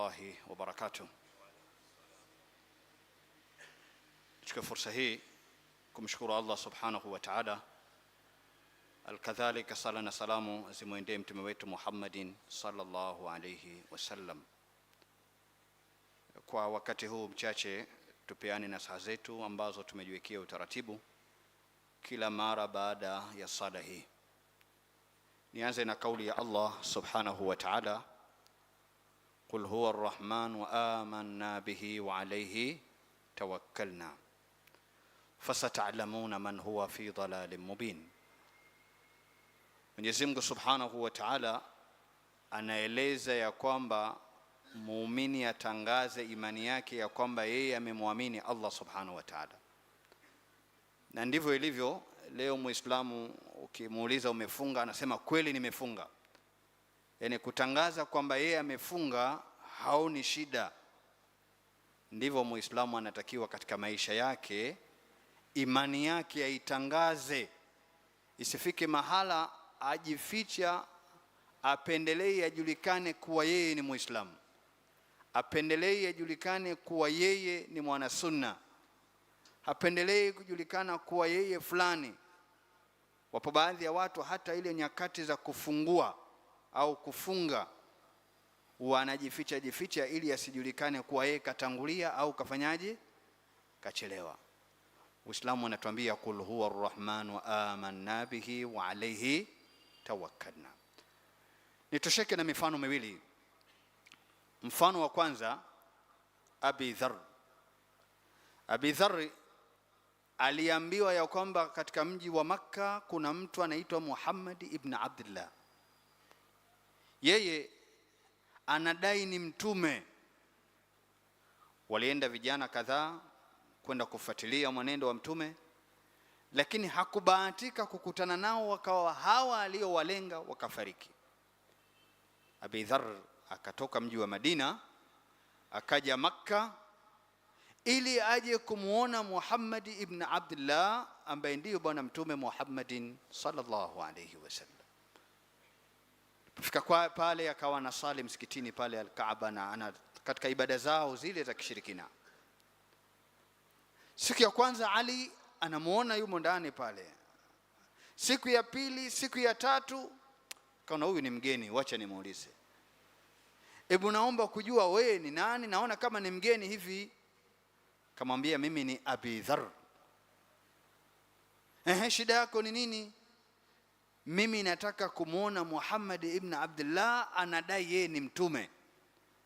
warahmatullahi wabarakatuh. Nichukue fursa hii kumshukuru Allah subhanahu wa ta'ala, alkadhalika sala na salamu zimwendee mtume wetu Muhammadin sallallahu alayhi wasallam. Kwa wakati huu mchache, tupeane nasaha zetu ambazo tumejiwekea utaratibu kila mara baada ya sala hii. Nianze na kauli ya Allah subhanahu wa ta'ala qul huwa arrahman wa amanna bihi wa alayhi tawakkalna fasatalamuna man huwa fi dhalalin mubin. Mwenyezi Mungu subhanahu wa taala anaeleza ya kwamba muumini atangaze imani yake ya kwamba yeye amemwamini Allah subhanahu wa taala, na ndivyo ilivyo leo. Muislamu ukimuuliza umefunga, anasema kweli nimefunga yaani kutangaza kwamba yeye amefunga haoni shida. Ndivyo Muislamu anatakiwa katika maisha yake, imani yake aitangaze, isifike mahala ajificha, apendelei ajulikane kuwa yeye ni Muislamu, apendelei ajulikane kuwa yeye ni mwanasunna, apendelei kujulikana kuwa yeye fulani. Wapo baadhi ya watu hata ile nyakati za kufungua au kufunga wanajificha jificha ili asijulikane kuwa yeye katangulia au kafanyaje, kachelewa. Uislamu unatuambia kul huwa wa amanna bihi wa alayhi tawakkalna. Nitosheke na mifano miwili. Mfano wa kwanza, Abi Dharr. Abi Dharr aliambiwa ya kwamba katika mji wa Makka kuna mtu anaitwa Muhammad ibn Abdullah yeye anadai ni mtume. Walienda vijana kadhaa kwenda kufuatilia mwenendo wa mtume, lakini hakubahatika kukutana nao, wakawa hawa aliowalenga wakafariki. Abi Dharr akatoka mji wa Madina akaja Makka ili aje kumwona Muhammad ibn Abdullah ambaye ndiyo bwana mtume Muhammadin sallallahu alayhi wasallam. Fika kwa pale akawa anasali msikitini pale Alkaaba na ana katika ibada zao zile za kishirikina. Siku ya kwanza Ali anamuona yumo ndani pale, siku ya pili, siku ya tatu, kaona huyu ni mgeni, wacha nimuulize, ebu naomba kujua wewe ni nani, naona kama ni mgeni hivi. Kamwambia mimi ni Abi Dhar. Ehe, shida yako ni nini? mimi nataka kumwona Muhammad ibn Abdullah anadai yeye ni mtume.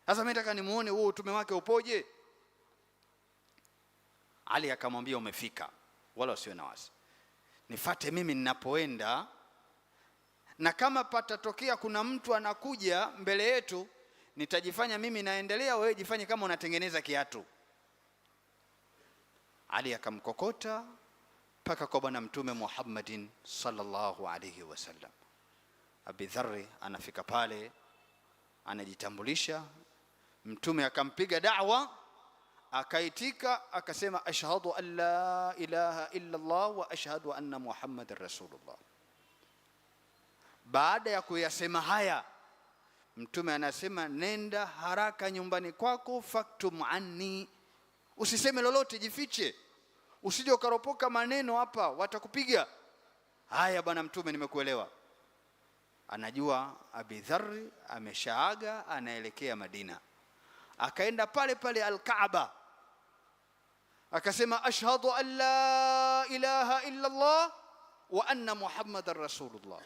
Sasa mimi nataka nimuone huo utume wake upoje? Ali akamwambia umefika, wala usiwe na wasi, nifate mimi ninapoenda, na kama patatokea kuna mtu anakuja mbele yetu nitajifanya mimi naendelea, wewe jifanye kama unatengeneza kiatu. Ali akamkokota mpaka kwa Bwana Mtume Muhammadin sallallahu alaihi wasallam. Abi Dharri anafika pale anajitambulisha, Mtume akampiga da'wa, akaitika akasema, ashhadu an la ilaha illa Allah wa ashhadu anna Muhammadan rasulullah. Baada ya kuyasema haya, Mtume anasema, nenda haraka nyumbani kwako, faktum anni, usiseme lolote, jifiche usije ukaropoka maneno hapa, watakupiga. Haya bwana mtume, nimekuelewa. Anajua Abi ameshaaga, anaelekea Madina. Akaenda pale pale Alkaaba akasema, ashhadu an la ilaha illa Allah wa anna muhammadan rasulullah.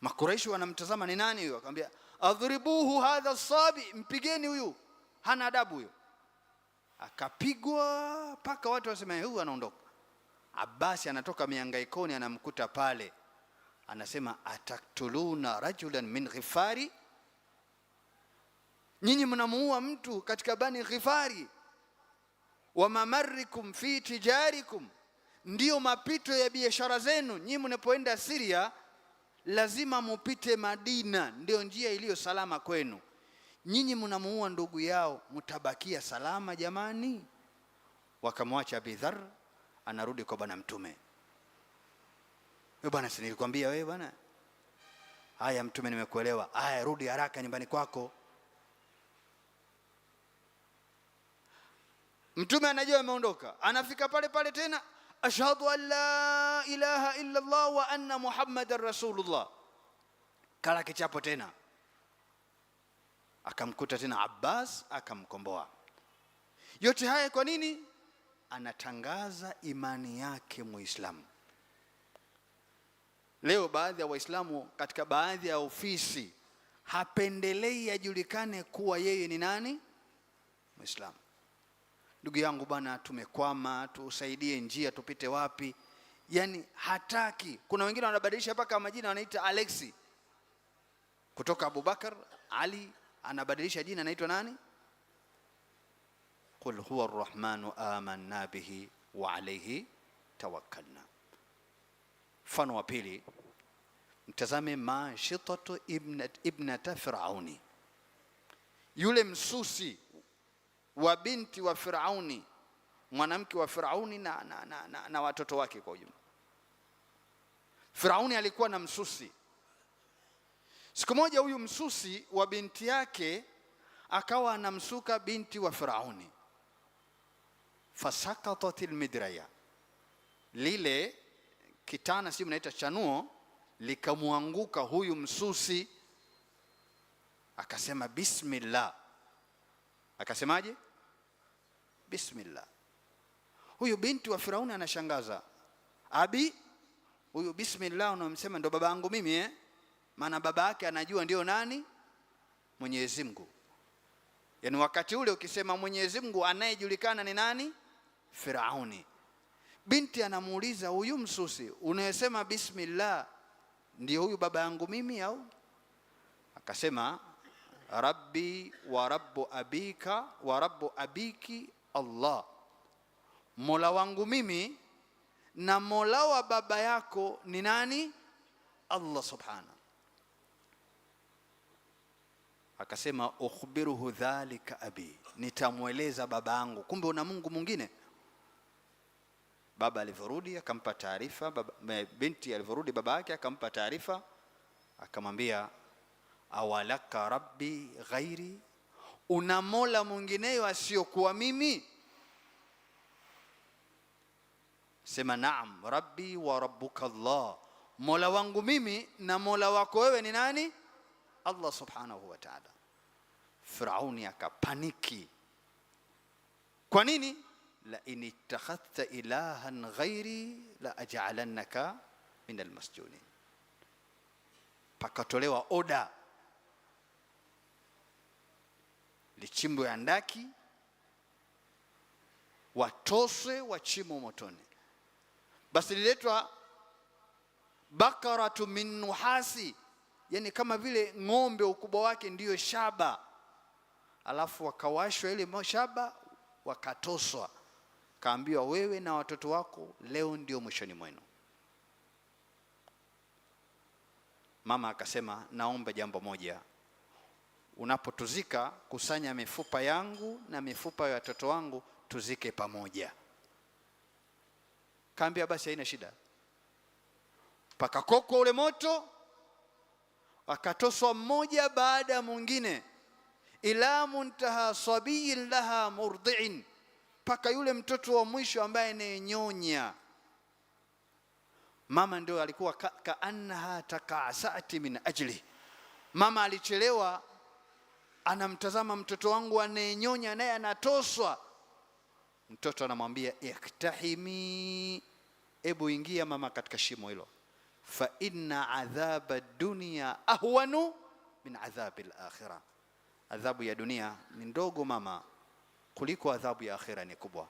Makuraishi wanamtazama ni nani huyu? Akamwambia adhribuhu hadha sabi, mpigeni huyu, hana adabu huyo akapigwa mpaka watu waseme huyu anaondoka. Abasi anatoka miangaikoni, anamkuta pale, anasema ataktuluna rajulan min Ghifari, nyinyi mnamuua mtu katika Bani Ghifari. Wa mamarikum fi tijarikum, ndiyo mapito ya biashara zenu. Nyinyi mnapoenda Siria lazima mupite Madina, ndio njia iliyo salama kwenu nyinyi mnamuua ndugu yao, mtabakia salama jamani? Wakamwacha bidhar anarudi kwa bwana Mtume. bwana, si nilikwambia wewe bwana? Haya Mtume, nimekuelewa. Haya, rudi haraka nyumbani kwako. Mtume anajua ameondoka, anafika pale pale tena, ashhadu an la ilaha illa Allah wa anna muhammadan rasulullah. Kala kichapo tena akamkuta tena Abbas akamkomboa. Yote haya kwa nini? Anatangaza imani yake Muislamu. Leo baadhi ya Waislamu katika baadhi ya ofisi hapendelei ajulikane kuwa yeye ni nani, Muislamu. Ndugu yangu bwana, tumekwama, tusaidie njia, tupite wapi? Yani hataki. Kuna wengine wanabadilisha mpaka majina, wanaita Alexi kutoka Abubakar Ali anabadilisha jina, anaitwa nani? Qul huwa arrahmanu amanna bihi wa alayhi tawakkalna. Mfano wa pili, mtazame Mashitatu ibnata ibnat Firauni, yule msusi wa binti wa Firauni, mwanamke wa Firauni na, na, na, na, na watoto wake kwa ujumla. Firauni alikuwa na msusi Siku moja huyu msusi wa binti yake akawa anamsuka binti wa Firauni, fasakatat lmidraya lile kitana si mnaita chanuo, likamwanguka huyu msusi. Akasema bismillah. Akasemaje? Bismillah. Huyu binti wa Firauni anashangaza, abi, huyu bismillah unamsema ndo yangu mimi eh? maana baba yake anajua ndio nani? Mwenyezi Mungu. Yaani wakati ule ukisema Mwenyezi Mungu anayejulikana ni nani? Firauni. Binti anamuuliza huyu msusi unayesema bismillah ndio huyu baba yangu mimi au? Akasema rabbi wa rabbu abika wa rabbu abiki Allah, mola wangu mimi na mola wa baba yako ni nani? Allah subhana Akasema ukhbiruhu dhalika abi, nitamweleza baba yangu. Kumbe una Mungu mwingine. Baba alivyorudi akampa taarifa, binti alivyorudi baba yake akampa taarifa, akamwambia awalaka rabbi ghairi, una mola mwingineyo asiyokuwa mimi? Sema naam, rabbi wa rabbuka Allah, mola wangu mimi na mola wako wewe ni nani? Allah subhanahu wa ta'ala. Firauni akapaniki. Kwa nini? la in ittakhadhta ilahan ghairi la aj'alannaka min almasjunin. Pakatolewa oda ya ndaki watoswe wachimo motoni. Basi liletwa bakaratu min nuhasi yani kama vile ng'ombe ukubwa wake ndiyo shaba, alafu wakawashwa ile shaba wakatoswa, kaambiwa wewe na watoto wako leo ndio mwishoni mwenu. Mama akasema, naomba jambo moja, unapotuzika kusanya mifupa yangu na mifupa ya watoto wangu, tuzike pamoja. Kaambia basi haina shida, pakakokwa ule moto akatoswa mmoja baada ya mwingine, ila muntaha sabiyin laha murdiin, mpaka yule mtoto wa mwisho ambaye anayenyonya. Mama ndio alikuwa ka, takasati takaasati min ajli. Mama alichelewa, anamtazama mtoto wangu anayenyonya, naye anatoswa. Mtoto anamwambia iktahimi, ebu ingia mama katika shimo hilo fa inna adhaba dunia ahwanu min adhabi al-akhirah, adhabu ya dunia ni ndogo mama kuliko adhabu ya akhira ni kubwa.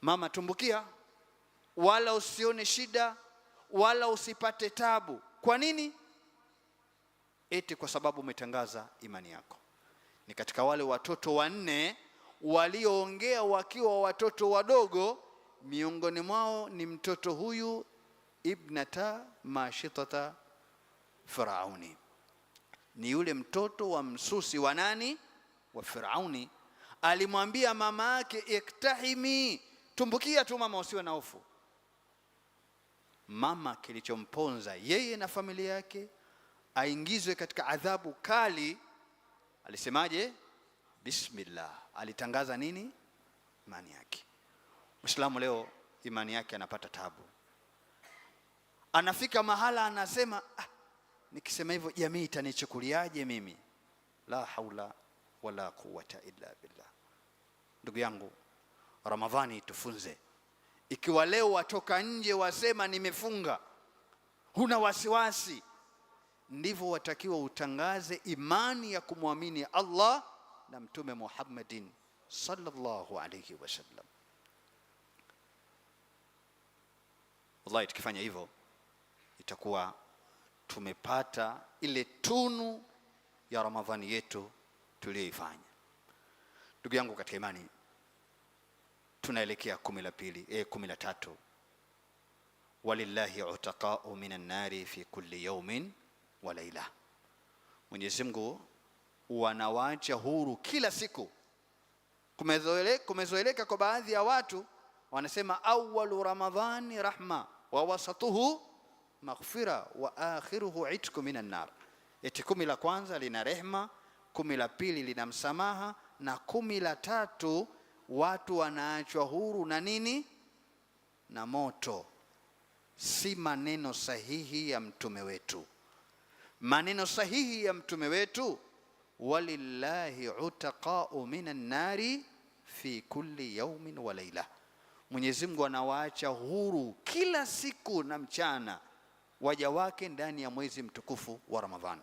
Mama tumbukia, wala usione shida wala usipate tabu. Kwa nini? Eti kwa sababu umetangaza imani yako. Ni katika wale watoto wanne walioongea wakiwa watoto wadogo, miongoni mwao ni mtoto huyu ibnata mashitata firauni, ni yule mtoto wa msusi wa nani? Wa Firauni. Alimwambia mama yake iktahimi, tumbukia tu mama, usiwe na hofu mama. Kilichomponza yeye na familia yake aingizwe katika adhabu kali, alisemaje? Bismillah, alitangaza nini? Imani yake. Mwislamu leo imani yake anapata tabu. Anafika mahala anasema ah, nikisema hivyo jamii itanichukuliaje mimi? La haula wala quwata illa billah. Ndugu yangu, Ramadhani tufunze. Ikiwa leo watoka nje wasema nimefunga, huna wasiwasi, ndivyo watakiwa utangaze imani ya kumwamini Allah na Mtume Muhammadin sallallahu alayhi wasallam. Wallahi, tukifanya hivyo itakuwa tumepata ile tunu ya Ramadhani yetu tuliyoifanya. Ndugu yangu katika imani, tunaelekea kumi la pili, eh, kumi la tatu. Walillahi utaqau minan nari fi kulli yawmin wa laila, Mwenyezi Mungu wanawaacha huru kila siku. Kumezoeleka, kumezoeleka kwa baadhi ya watu wanasema, awalu ramadhani rahma wa wasatuhu maghfira wa akhiruhu itku minan nar, eti kumi la kwanza lina rehma, kumi la pili lina msamaha, na kumi la tatu watu wanaachwa huru na nini? Na moto. Si maneno sahihi ya mtume wetu. Maneno sahihi ya mtume wetu, walillahi utaqau minan nari fi kulli yaumin wa laila, Mwenyezi Mungu anawaacha huru kila siku na mchana waja wake ndani ya mwezi mtukufu wa Ramadhani,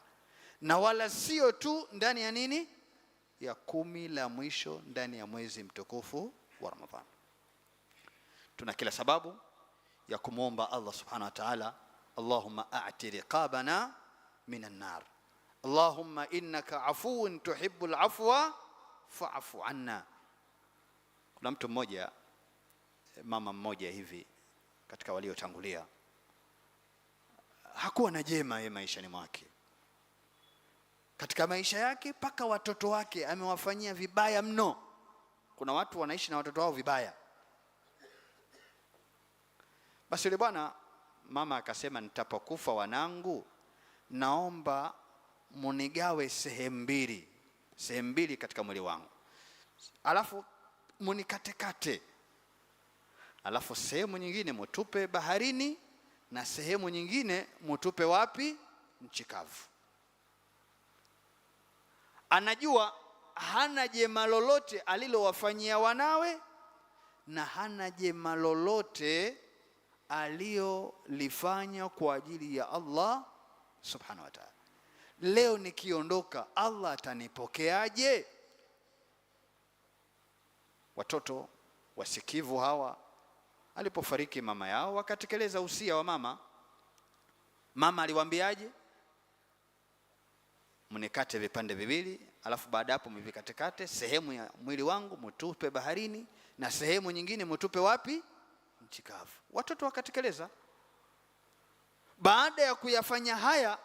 na wala sio tu ndani ya nini, ya kumi la mwisho ndani ya mwezi mtukufu wa Ramadhani. Tuna kila sababu ya kumwomba Allah subhanahu wa ta'ala, Allahumma a'ti riqabana minan nar Allahumma innaka tuhibbu al afwa fa'fu anna. Kuna mtu mmoja, mama mmoja hivi katika waliotangulia hakuwa na jema yeye maishani mwake, katika maisha yake mpaka watoto wake amewafanyia vibaya mno. Kuna watu wanaishi na watoto wao vibaya. Basi yule bwana mama akasema, nitapokufa wanangu, naomba munigawe sehemu mbili, sehemu mbili katika mwili wangu, alafu munikatekate, alafu sehemu nyingine mutupe baharini na sehemu nyingine mutupe wapi? Nchi kavu. Anajua hana jema lolote alilowafanyia wanawe na hana jema lolote aliyolifanya kwa ajili ya Allah subhanahu wa ta'ala. Leo nikiondoka Allah atanipokeaje? Watoto wasikivu hawa alipofariki mama yao wakatekeleza usia wa mama. Mama aliwaambiaje? Mnikate vipande viwili, alafu baada hapo mvikatekate, sehemu ya mwili wangu mtupe baharini na sehemu nyingine mtupe wapi? Nchi kavu. Watoto wakatekeleza. Baada ya kuyafanya haya,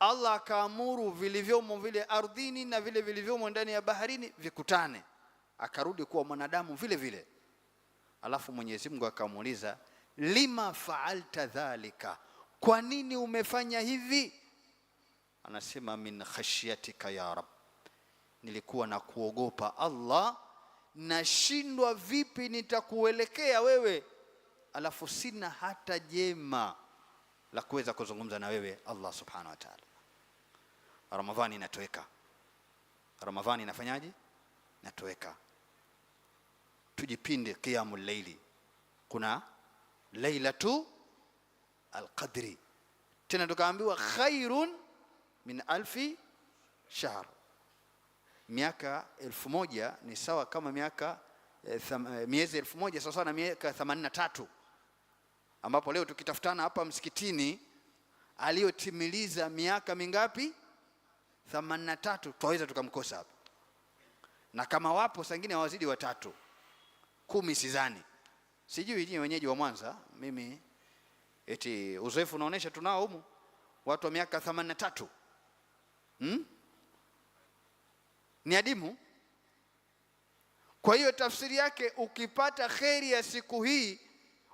Allah akaamuru vilivyomo vile ardhini na vile vilivyomo ndani ya baharini vikutane, akarudi kuwa mwanadamu vile vile. Alafu Mwenyezi Mungu akamuuliza lima faalta dhalika, kwa nini umefanya hivi? Anasema min khashyatika ya rab, nilikuwa na kuogopa Allah, nashindwa vipi nitakuelekea wewe, alafu sina hata jema la kuweza kuzungumza na wewe Allah subhanahu wa ta'ala. Ramadhani inatoweka, Ramadhani inafanyaje? Natoweka tujipinde qiyamu laili. Kuna lailatu alqadri tena tukaambiwa khairun min alfi shahr, miaka elfu moja ni sawa kama miaka eh, eh, miezi elfu moja sawa na miaka 8tatu ambapo leo tukitafutana hapa msikitini aliyotimiliza miaka mingapi? 83, twaweza tukamkosa hapa, na kama wapo sangine hawazidi watatu kumi sizani sijui nyinyi wenyeji wa Mwanza, mimi eti uzoefu unaonyesha tunao humu watu wa miaka 83 hmm? ni adimu. Kwa hiyo tafsiri yake ukipata kheri ya siku hii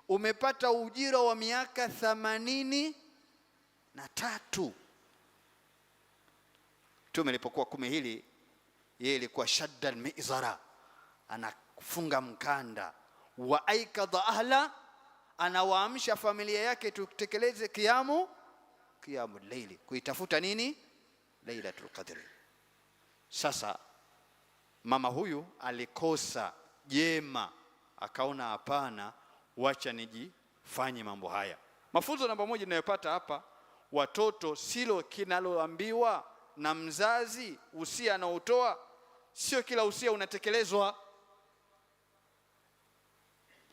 umepata ujira wa miaka themanini na tatu. Mtume alipokuwa kumi hili, yeye ilikuwa shaddan mizara, ana kufunga mkanda wa aikadha ahla, anawaamsha familia yake tutekeleze kiamu kiamu leili, kuitafuta nini lailatul qadr. Sasa mama huyu alikosa jema, akaona hapana, wacha nijifanye mambo haya. Mafunzo namba moja inayopata hapa, watoto silo kinaloambiwa na mzazi, usia anaotoa sio kila usia unatekelezwa.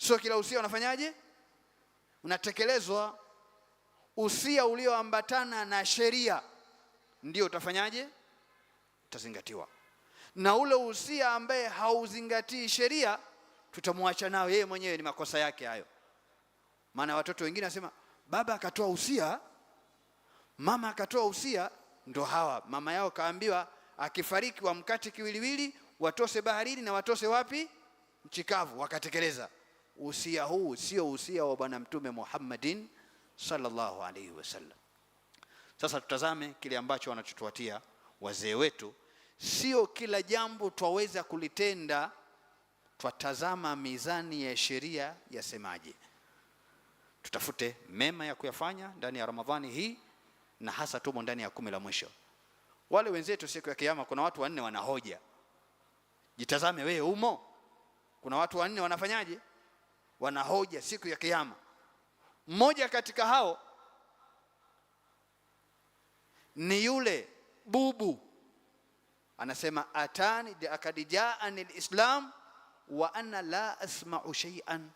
Sio kila usia unafanyaje, unatekelezwa. Usia ulioambatana na sheria ndio utafanyaje, utazingatiwa, na ule usia ambaye hauzingatii sheria tutamwacha nao yeye mwenyewe, ni makosa yake hayo. Maana watoto wengine wanasema baba akatoa usia, mama akatoa usia, ndo hawa mama yao kaambiwa akifariki wamkate kiwiliwili, watose baharini na watose wapi, nchi kavu, wakatekeleza. Usia huu sio usia wa Bwana Mtume Muhammadin sallallahu alaihi wasallam. Sasa tutazame kile ambacho wanachotuatia wazee wetu. Sio kila jambo twaweza kulitenda, twatazama mizani ya sheria yasemaje. Tutafute mema ya kuyafanya ndani ya Ramadhani hii, na hasa tumo ndani ya kumi la mwisho. Wale wenzetu siku ya Kiyama kuna watu wanne wanahoja. Jitazame wewe umo, kuna watu wanne wanafanyaje wanahoja siku ya Kiyama. Mmoja katika hao ni yule bubu, anasema atani akad jaani lislam wa ana la asma'u shay'an,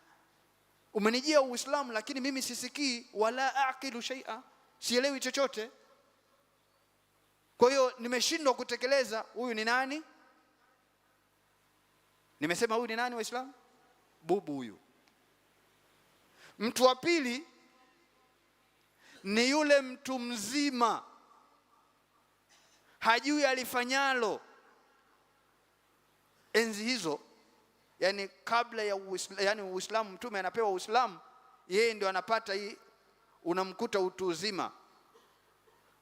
umenijia Uislamu lakini mimi sisikii wala aqilu shay'a, sielewi chochote, kwa hiyo nimeshindwa kutekeleza. Huyu ni nani? Nimesema huyu ni nani? Waislamu bubu huyu Mtu wa pili ni yule mtu mzima, hajui alifanyalo. Enzi hizo, yani kabla ya Uislamu, yani Uislamu, mtume anapewa Uislamu, yeye ndio anapata hii, unamkuta utu uzima,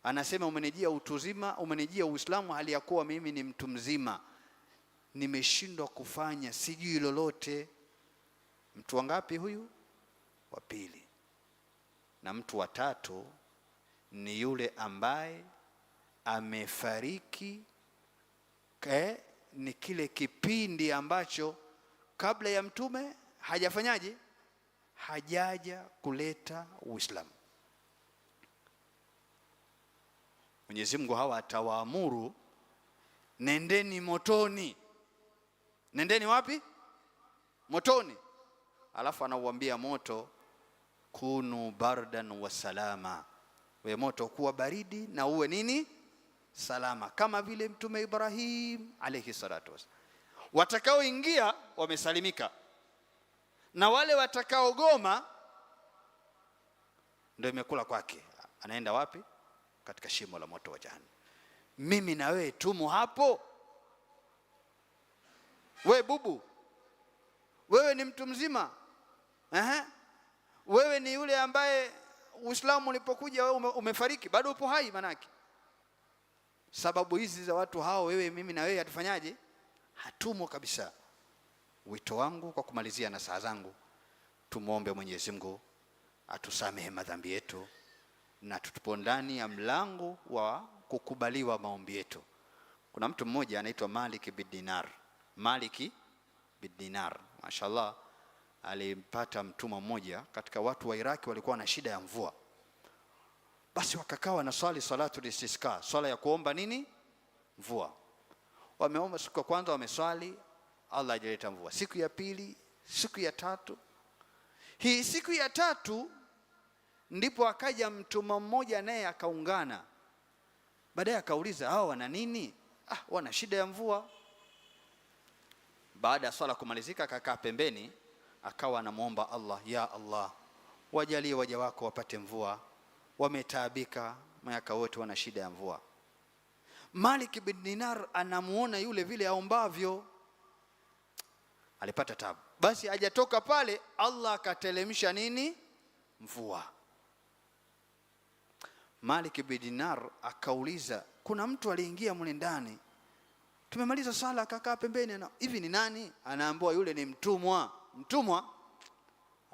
anasema umenijia utu uzima, umenijia Uislamu hali ya kuwa mimi ni mtu mzima, nimeshindwa kufanya, sijui lolote. Mtu wangapi huyu? wa pili, na mtu wa tatu ni yule ambaye amefariki eh, ni kile kipindi ambacho kabla ya mtume hajafanyaje, hajaja kuleta Uislamu. Mwenyezi Mungu hawa atawaamuru, nendeni motoni. Nendeni wapi? Motoni. Alafu anauambia moto kunu bardan wa salama, we moto kuwa baridi na uwe nini salama, kama vile Mtume Ibrahim alayhi salatu wasallam. Watakaoingia wamesalimika na wale watakaogoma ndio imekula kwake. Anaenda wapi? Katika shimo la moto wa Jahannam. Mimi na wewe tumo hapo. We bubu, wewe ni mtu mzima. Aha. Wewe ni yule ambaye Uislamu ulipokuja wewe umefariki, bado upo hai. Manake sababu hizi za watu hao, wewe mimi na wewe hatufanyaje? Hatumo kabisa. Wito wangu kwa kumalizia na saa zangu, tumwombe Mwenyezi Mungu atusamehe madhambi yetu na tutupo ndani ya mlango wa kukubaliwa maombi yetu. Kuna mtu mmoja anaitwa Maliki bidinar, Maliki bidinar, mashaallah alimpata mtumwa mmoja katika watu wa Iraki walikuwa na shida ya mvua, basi wakakaa wanaswali salatu istisqa, swala ya kuomba nini, mvua. Wameomba siku ya kwanza wameswali, Allah hajaleta mvua. Siku ya pili, siku ya tatu, hii siku ya tatu ndipo akaja mtumwa mmoja naye akaungana. Baadaye akauliza hao wana nini? Ah, wana shida ya mvua. Baada ya swala kumalizika, akakaa pembeni akawa anamwomba Allah, ya Allah, wajalie waja wako wapate mvua, wametaabika miaka wote, wana shida ya mvua. Malik bin Dinar anamuona yule vile aombavyo, alipata tabu. Basi hajatoka pale, Allah akatelemsha nini? Mvua. Malik bin Dinar akauliza, kuna mtu aliingia mle ndani, tumemaliza sala akakaa pembeni, hivi ni nani? Anaambiwa yule ni mtumwa mtumwa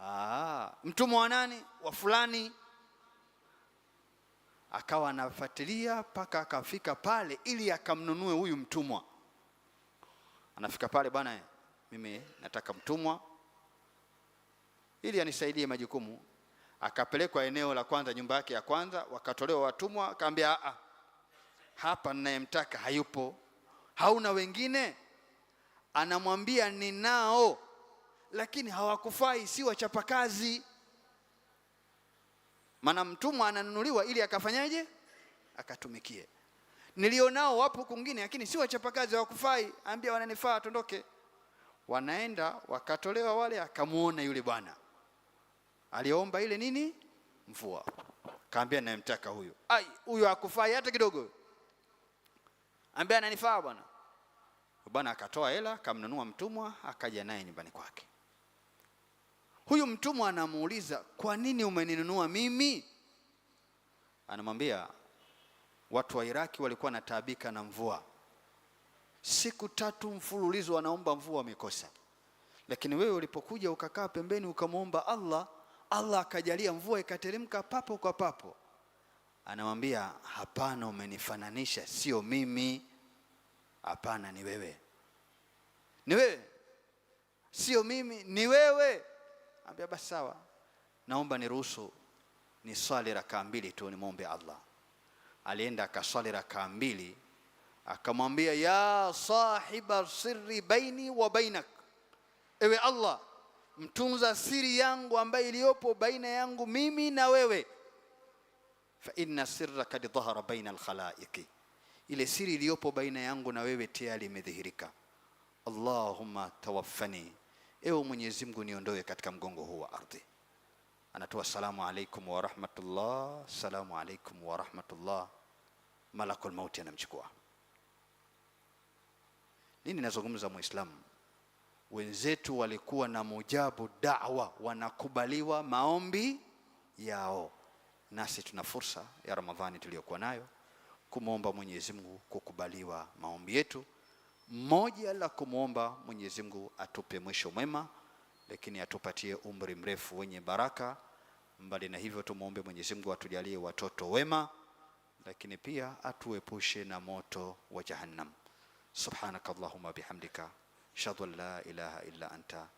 ah, mtumwa wa nani? Wa fulani. Akawa anafuatilia mpaka akafika pale, ili akamnunue huyu mtumwa. Anafika pale, bwana, mimi nataka mtumwa ili anisaidie majukumu. Akapelekwa eneo la kwanza, nyumba yake ya kwanza, wakatolewa watumwa. Akaambia, a, ah, ah, hapa ninayemtaka hayupo. Hauna wengine? Anamwambia, ninao lakini hawakufai, si wachapakazi. Maana mtumwa ananunuliwa ili akafanyaje? Akatumikie. Nilionao wapo kwingine, lakini si wachapakazi, hawakufai, ambia wananifaa, tondoke. Wanaenda wakatolewa wale, akamuona yule bwana aliomba ile nini mvua, kaambia namtaka huyo. Ai, huyo hakufai hata kidogo, ambia ananifaa bwana. Bwana akatoa hela, akamnunua mtumwa, akaja naye nyumbani kwake. Huyu mtumwa anamuuliza, kwa nini umeninunua mimi? Anamwambia, watu wa Iraki walikuwa wanataabika na mvua siku tatu mfululizo, wanaomba mvua wamekosa, lakini wewe ulipokuja ukakaa pembeni ukamwomba Allah, Allah akajalia mvua ikateremka papo kwa papo. Anamwambia, hapana, umenifananisha, sio mimi. Hapana, ni wewe, ni wewe, sio mimi, ni wewe. Ambia basi sawa, naomba niruhusu ni swali rakaa mbili tu nimwombe Allah. Alienda akaswali rakaa mbili, akamwambia ya sahiba sirri baini wa bainak, ewe Allah, mtunza siri yangu ambayo iliyopo baina yangu mimi na wewe. Fa inna sirra kad dhahara baina alkhalaiqi, ile siri iliyopo baina yangu na wewe tayari imedhihirika. Allahumma tawaffani ewe Mwenyezi Mungu niondoe katika mgongo huu wa ardhi. Anatoa salamu alaikum wa rahmatullah, salamu alaikum wa rahmatullah, malakul mauti anamchukua. Nini nazungumza, Muislamu wenzetu walikuwa na mujabu da'wa, wanakubaliwa maombi yao, nasi tuna fursa ya Ramadhani tuliyokuwa nayo kumwomba Mwenyezi Mungu kukubaliwa maombi yetu moja la kumwomba Mwenyezi Mungu atupe mwisho mwema, lakini atupatie umri mrefu wenye baraka. Mbali na hivyo, tumwombe Mwenyezi Mungu atujalie watoto wema, lakini pia atuepushe na moto wa Jahannam. subhanakallahumma bihamdika shadu la ilaha illa anta